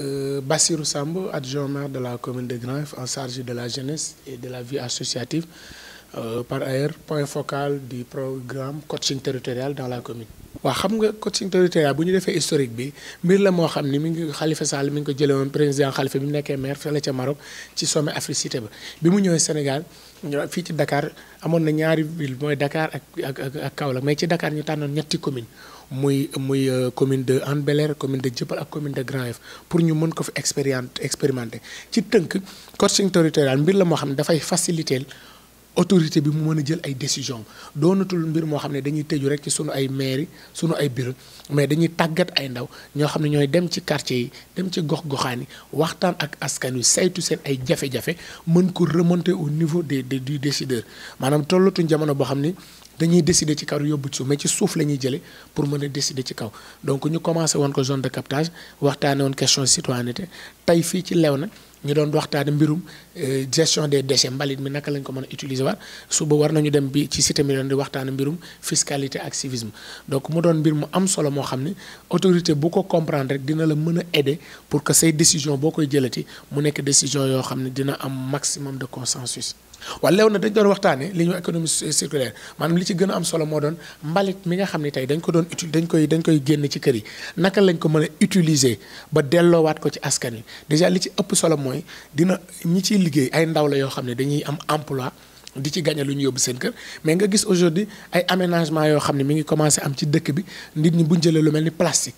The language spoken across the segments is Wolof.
Euh, Bassirou Samb adjoint maire de la commune de Grand-Yoff en charge de la jeunesse et de la vie associative euh, par ailleurs point focal du programme coaching territorial dans la commune. waa xam nga coaching territorial bu ñu defee historique bi mbir la moo xam ni mi ngi xalifa Sall mi ngi ko jëlee woon président Khalifa bi mu nekkee maire fële ca Maroc ci sommet Africité ba bi mu ñëwee Sénégal fii ci Dakar amoon na ñaari ville mooy Dakar ak ak ak Kaolack mais ci Dakar ñu tànnoon ñetti commune muy muy euh, commune de Hann Bel-Air commune de Dieuppeul ak commune de Grand Yoff pour ñu mën ko fi expérimenté expérimente ci tënk coaching territorial mbir la moo xam ne dafay faciliter autorité bi mu mën a jël ay décision doonatul mbir moo xam ne dañuy tëju rek ci suñu ay mairie suñu ay bureau mais dañuy tàggat ay ndaw ñoo xam ne ñooy dem ci quartier yi dem ci gox-goxaan yi waxtaan ak askan wi saytu seen ay jafe-jafe mën ko remonter au niveau des des du décideur maanaam tollatuñ jamono boo xam ni dañuy décider ci kaw yóbbu ci suuf mais ci suuf la jëlee pour mën a décidé ci kaw donc ñu commencé woon ko zone de captage waxtaane woon question citoyenneté tey fii ci lew na ñu doon waxtaane mbirum euh, gestion des déchets mbalit mi naka lañ ko mën a utiliser waat suba war nañu dem bi ci cité mi di waxtaane mbirum fiscalité ak civisme donc mu doon mbir mu am solo moo xam ne autorité bu ko comprendre rek dina la mën a aider pour que say décision boo koy jëlati mu nekk décision yoo xam ne dina am maximum de consensus waaw lew na dañ doon waxtaane li ñu économie circulaire maanaam li ci gën a am solo moo doon mbalit mi nga xam ni tey dañ ko doon uti dañ koy dañ koy génn ci kër yi naka lañ ko mën a utiliser ba delloowaat ko ci askan yi déjà li ci ëpp solo mooy dina ñi ciy liggéey ay ndaw la yoo xam ne dañuy am emploi di ci gagné lu ñu yóbbu seen kër mais nga gis aujourd'hui ay aménagement yoo xam ne mi ngi commencé am ci dëkk bi nit ñi bu ñu jëlee lu mel ni plastique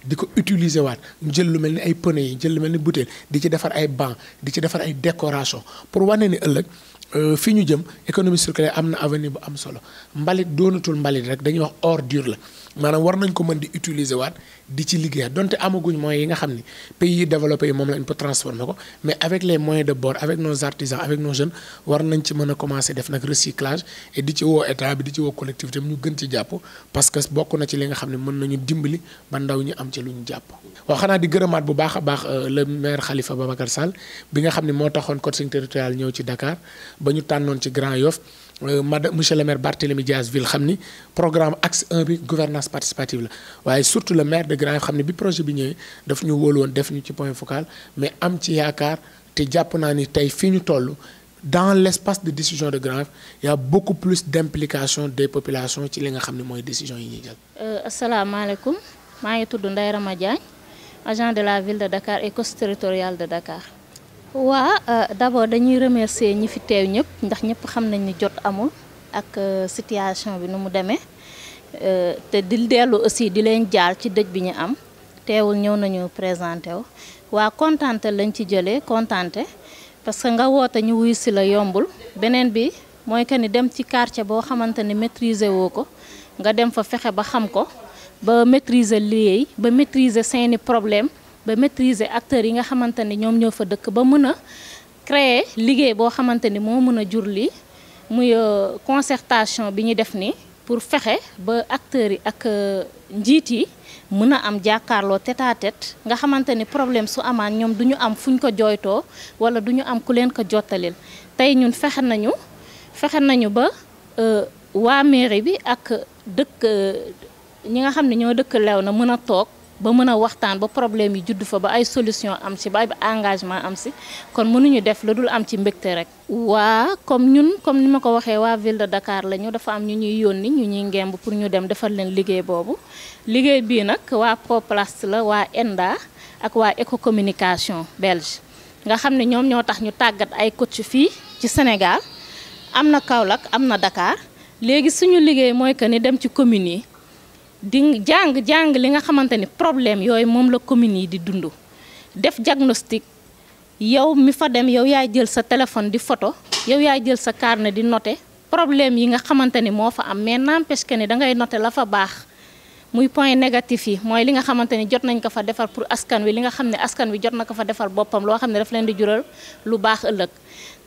di ko utiliser waat jël lu mel ni ay pneu yi jël lu mel ni bouteille di ci defar ay banc di ci defar ay décoration pour wane ni ëllëg Euh, fii ñu jëm économie circulaire am na avenir bu am solo mbalit doonatul mbalit rek dañuy wax ordure la maanaam war nañ ko mën di utiliser waat di ci liggéeyaat donte amaguñ moyens yi nga xam ni pays yi développé yi moom lañ ko transformer ko mais avec les moyens de bord avec nos artisans avec nos jeunes war nañ ci mën a commencer def nag recyclage et di ci woo état bi di ci woo collectivité bi ñu gën ci jàpp parce que bokk na ci li nga xam ne mën nañu dimbali ba ndaw ñi am ci lu ñu jàpp. xanaa di gërëmaat bu baax a baax euh, le maire Khalifa Babacar Sall bi nga xam ne moo taxoon code territorial ñëw ci Dakar. ba ñu tànnoon ci Grand Yoff euh, madame monsieur le maire Barthélémy Dias ville xam ni programme axe 1 gouvernance participative la waaye surtout le maire de Grand Yoff xam ni bi projet bi ñëwee daf ñu wóolu woon def ñu ci point focal mais am ci yaakaar te jàpp naa ni tey fii ñu toll dans l' espace de décision de Grand Yoff y' a beaucoup plus d' implication des populations ci li nga xam ne mooy décision yi ñuy jël. Euh, asalaamaaleykum maa ngi tudd Ndeye Rama Diagne agent la ville de Dakar et de Dakar. waa euh, d'abord dañuy remercier ñi fi teew ñëpp ndax ñëpp xam nañ ni jot amul ak euh, situation bi nu mu demee euh, te di dellu aussi di leen jaar ci dëj bi ñu am teewul ñëw nañu présenté wu waa kontante lañ ci jëlee kontante parce que nga woote ñu wuy si la yombul beneen bi mooy que ni dem ci quartier boo xamante ni maîtriser woo ko nga dem fa fexe ba xam ko ba maîtriser liggéey ba maîtriser seeni problème ba maîtriser acteurs yi nga xamante ni ñoom ñoo fa dëkk ba mën a créer liggéey boo xamante ni moo mën a jur lii muy euh, concertation bi ñu def ni pour fexe ba acteur yi ak euh, njiit yi mën a am jàkkaarloo tête nga xamante ni problème su amaan ñoom du ñu am fuñ ko jooytoo wala du ñu am ku leen ko jottalil tey ñun fexe nañu fexe nañu ba euh, waa mairie bi ak dëkk ñi nga xam ne ñoo dëkk lew na mën a toog ba mën a waxtaan ba problème yi juddu fa ba ay solution am si ba ay engagement am si kon mënuñu def lu dul am ci mbégte rek. waa comme ñun comme ni ma ko waxee waa ville dakaar Dakar la ñu dafa am ñu ñuy yónni ñu ñuy ngemb pour ñu dem defar leen liggéey boobu liggéey bii nag waa Proplast la waa inda ak waa éco communication belge nga xam ne ñoom ñoo tax ñu tàggat ay coach fii ci Sénégal am na Kaolack am na dakaar léegi suñu liggéey mooy que ni dem ci communes yi. di jàng jàng li nga xamante ni problème yooyu moom la communes yi di dund def diagnostic yow mi fa dem yow yaay jël sa téléphone di photo yow yaay jël sa carnet di note problème yi nga xamante ni moo fa am mais n'empêche ni da ngay noter la fa baax muy point négatif yi mooy li nga xamante ni jot nañ ko fa defar pour askan wi li nga xam ne askan wi jot na ko fa defar boppam loo xam ne dafa leen di jural lu baax ëllëg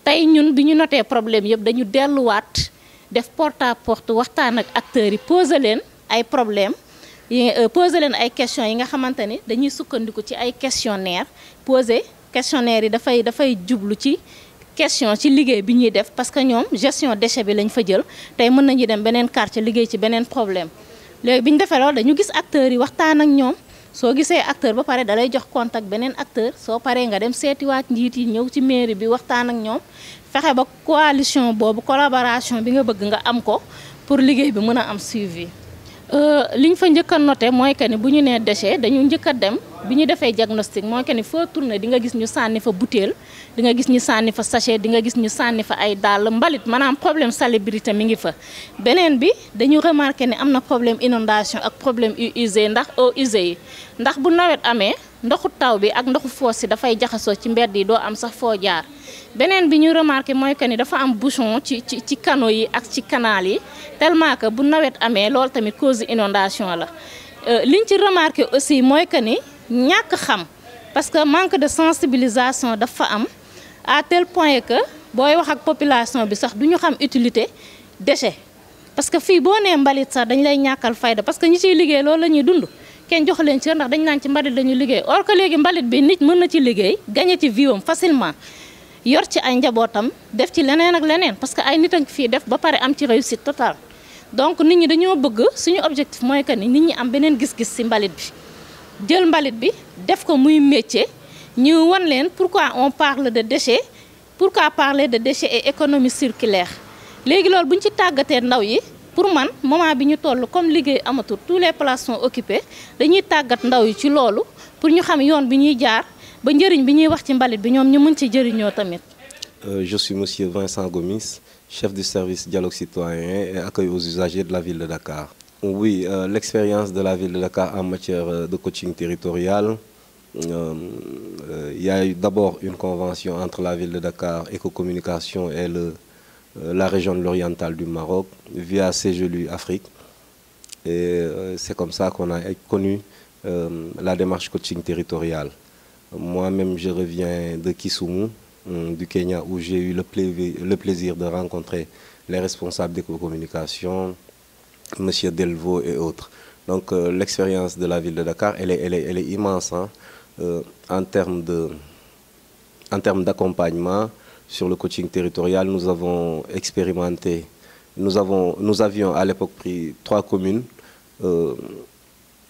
tey ñun bi ñu notee problème yëpp dañu delluwaat def porte à waxtaan ak acteurs yi poser leen ay problème yi euh, poser leen ay questions yi nga xamante ni dañuy sukkandiku ci ay questionnaire poser questionnaire yi dafay dafay jublu ci question ci liggéey bi ñuy def parce que ñoom gestion déchet bi lañ fa jël tey mën nañu dem beneen quartier liggéey ci beneen problème léegi bi ñu defee loolu dañu gis acteurs yi waxtaan ak ñoom soo gisee acteur ba pare dalay jox contact beneen acteur soo paree nga dem seetiwaat njiit yi ñëw ci mairie bi waxtaan ak ñoom fexe ba coalition boobu collaboration bi nga bëgg nga am ko pour liggéey bi mën a am suivi. Euh, li ñu fa njëkk a noté mooy que ni bu ñu nee déchet dañu njëkk a dem bi ñu defee diagnostic mooy que ni foo tourné di nga gis ñu sànni fa butéel di nga gis ñi sànni fa sachet di nga gis ñu sànni fa ay dàll mbalit maanaam problème salubrité mi ngi fa. beneen bi dañu remarqué ne am na problème inondation ak problème eaux usées ndax o usées yi ndax bu nawet amee ndoxu taw bi ak ndoxu foos si dafay jaxasoo ci mbedd yi doo am sax foo jaar. beneen bi ñu remarqué mooy que ni dafa am bouchon ci ci ci canaux yi ak ci canal yi tellement que bu nawet amee loolu tamit cause inondation la euh, liñ ci remarqué aussi mooy que ni ñàkk xam parce que manque de sensibilisation dafa am à tel point que booy wax ak population bi sax du ñu xam utilité déchet parce que fii boo nee mbalit sax dañ lay ñàkkal fayda parce que ñi ciy liggéey loolu la ñuy dund kenn jox leen ci ndax dañ naan ci mbalit dañuy liggéey or que léegi mbalit bi nit mën na ci liggéey gagné ci vie am yor ci ay njabootam def ci leneen ak leneen parce que ay nit a ngi fii def ba pare am ci réussite total donc nit ñi dañoo bëgg suñu objectif mooy que ni nit ñi am beneen gis-gis ci mbalit bi jël mbalit bi def ko muy métier ñu wan leen pour pourquoi on parle de déchets pourquoi parler de déchets et économie circulaire léegi loolu bu ñu ci tàggatee ndaw yi pour man moment bi ñu toll comme liggéey amatul tous les places sont dañuy tàggat ndaw yi ci loolu pour ñu xam yoon bi ñuy jaar ba njëriñ bi ñuy wax ci mbalit bi ñoom ñu mun ci jëriñoo tamit. Euh, je suis monsieur Vincent Gomis chef de service dialogue citoyen et accueil aux usagers de la ville de Dakar. Oui, euh, l'expérience de la ville de Dakar en matière euh, de coaching territorial, euh, il y a d'abord une convention entre la ville de Dakar, Éco-Communication et le, la région de l'Orientale du Maroc via CGLU Afrique. Et c'est comme ça qu'on a connu la démarche coaching territoriale. Moi-même, je reviens de Kisumu, euh, du Kenya, où j'ai eu le, pla le, plaisir de rencontrer les responsables des communications, M. Delvaux et autres. Donc euh, l'expérience de la ville de Dakar, elle est, elle est, elle est immense hein, euh, en termes de en termes d'accompagnement sur le coaching territorial. Nous avons expérimenté, nous avons, nous avions à l'époque pris trois communes. Euh,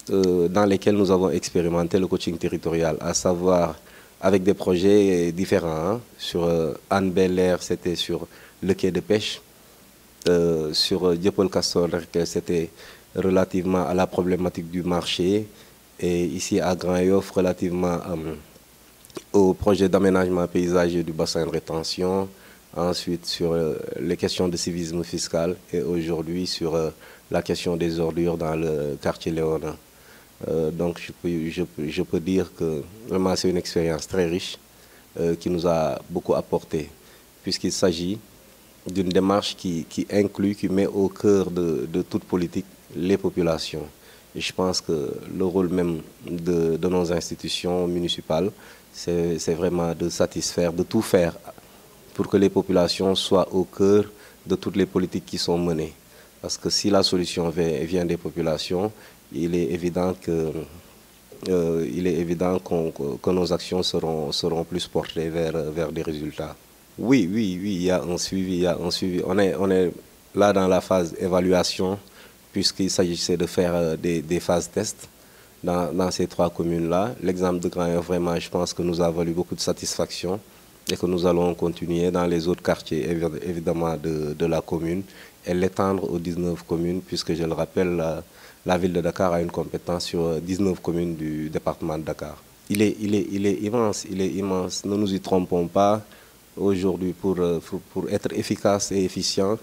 Euh, dans lesquels nous avons expérimenté le coaching territorial, à savoir avec des projets différents. Hein, sur euh, Anne Belair, c'était sur le quai de pêche. Euh, sur euh, Diopol Castor, c'était relativement à la problématique du marché. Et ici à Grand Yoff, relativement euh, au projet d'aménagement paysager du bassin de rétention. Ensuite, sur euh, les questions de civisme fiscal. Et aujourd'hui, sur la question des ordures dans le quartier Léonin. Euh, donc je peux, je, je dire que vraiment c'est une expérience très riche euh, qui nous a beaucoup apporté, puisqu'il s'agit d'une démarche qui, qui, inclut, qui met au cœur de, de, toute politique les populations. Et je pense que le rôle même de, de nos institutions municipales, c'est vraiment de satisfaire, de tout faire pour que les populations soient au cœur de toutes les politiques qui sont menées. Parce que si la solution vient des populations, il est évident que euh, il est évident qu'on que nos actions seront seront plus portées vers vers des résultats. Oui, oui, oui, il y a un suivi, il y a un suivi. On est on est là dans la phase évaluation puisqu'il s'agissait de faire euh, des des phases tests dans dans ces trois communes-là. L'exemple de Grand Yoff, vraiment, je pense que nous a valu beaucoup de satisfaction et que nous allons continuer dans les autres quartiers évidemment de de la commune et l'étendre aux 19 communes puisque je le rappelle la ville de Dakar a une compétence sur 19 euh, communes du département de Dakar. Il est, il est, il est immense, il est immense. Ne nous y trompons pas. Aujourd'hui, pour, euh, pour, pour, être efficace et efficient,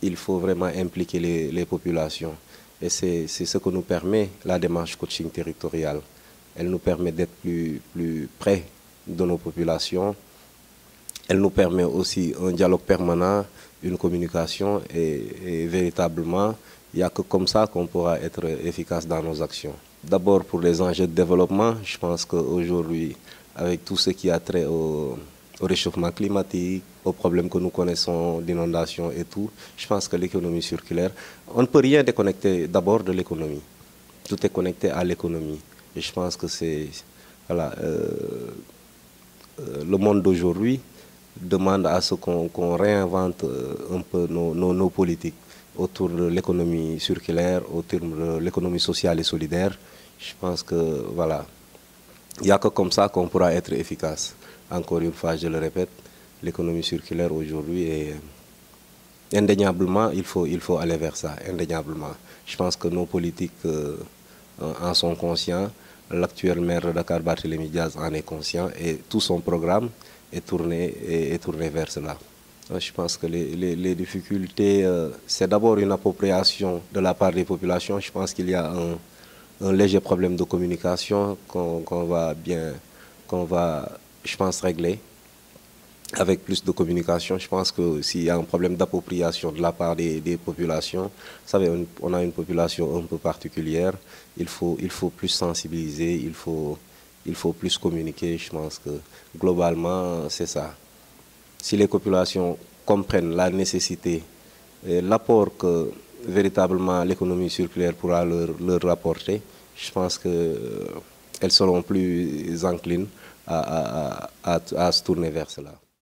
il faut vraiment impliquer les, les populations. Et c'est ce que nous permet la démarche coaching territoriale. Elle nous permet d'être plus, plus près de nos populations. aussi un dialogue permanent, une communication et, et véritablement Il comme ça qu'on pourra être efficace dans nos actions. D'abord pour les enjeux de développement, je pense qu'aujourd'hui, avec tout ce qui a trait au, au réchauffement climatique, aux problèmes que nous connaissons d'inondation et tout, je pense que l'économie circulaire, on ne peut rien déconnecter d'abord de l'économie. Tout est connecté à l'économie. Et je pense que c'est voilà, euh, euh, le monde d'aujourd'hui demande à ce qu'on qu réinvente euh, un peu autour de l'économie circulaire, autour de l'économie sociale et solidaire. Je pense que voilà, il n'y a que comme ça qu'on pourra être efficace. Encore une fois, je le répète, l'économie circulaire aujourd'hui est indéniablement, il faut, il faut aller vers ça, indéniablement. Je pense que nos politiques euh, en sont conscients. L'actuel maire de Dakar, Barthélémy Diaz, en est conscient et tout son programme est tourné, est, est tourné vers cela. Euh, je pense que les, les, les difficultés, euh, c'est d'abord une appropriation de la part des populations. Je pense qu'il y a un, un, léger problème de communication qu'on qu va bien, qu'on va, je pense, régler avec plus de communication. Je pense que s'il y a un problème d'appropriation de la part des, des populations, vous savez, on a une population un peu particulière, il faut, il faut plus sensibiliser, il faut, il faut plus communiquer. Je pense que globalement, c'est ça. si les populations comprennent la nécessité et l'apport que véritablement l'économie circulaire pourra leur, leur rapporter, je pense qu'elles euh, seront plus enclines à, à, à, à se tourner vers cela.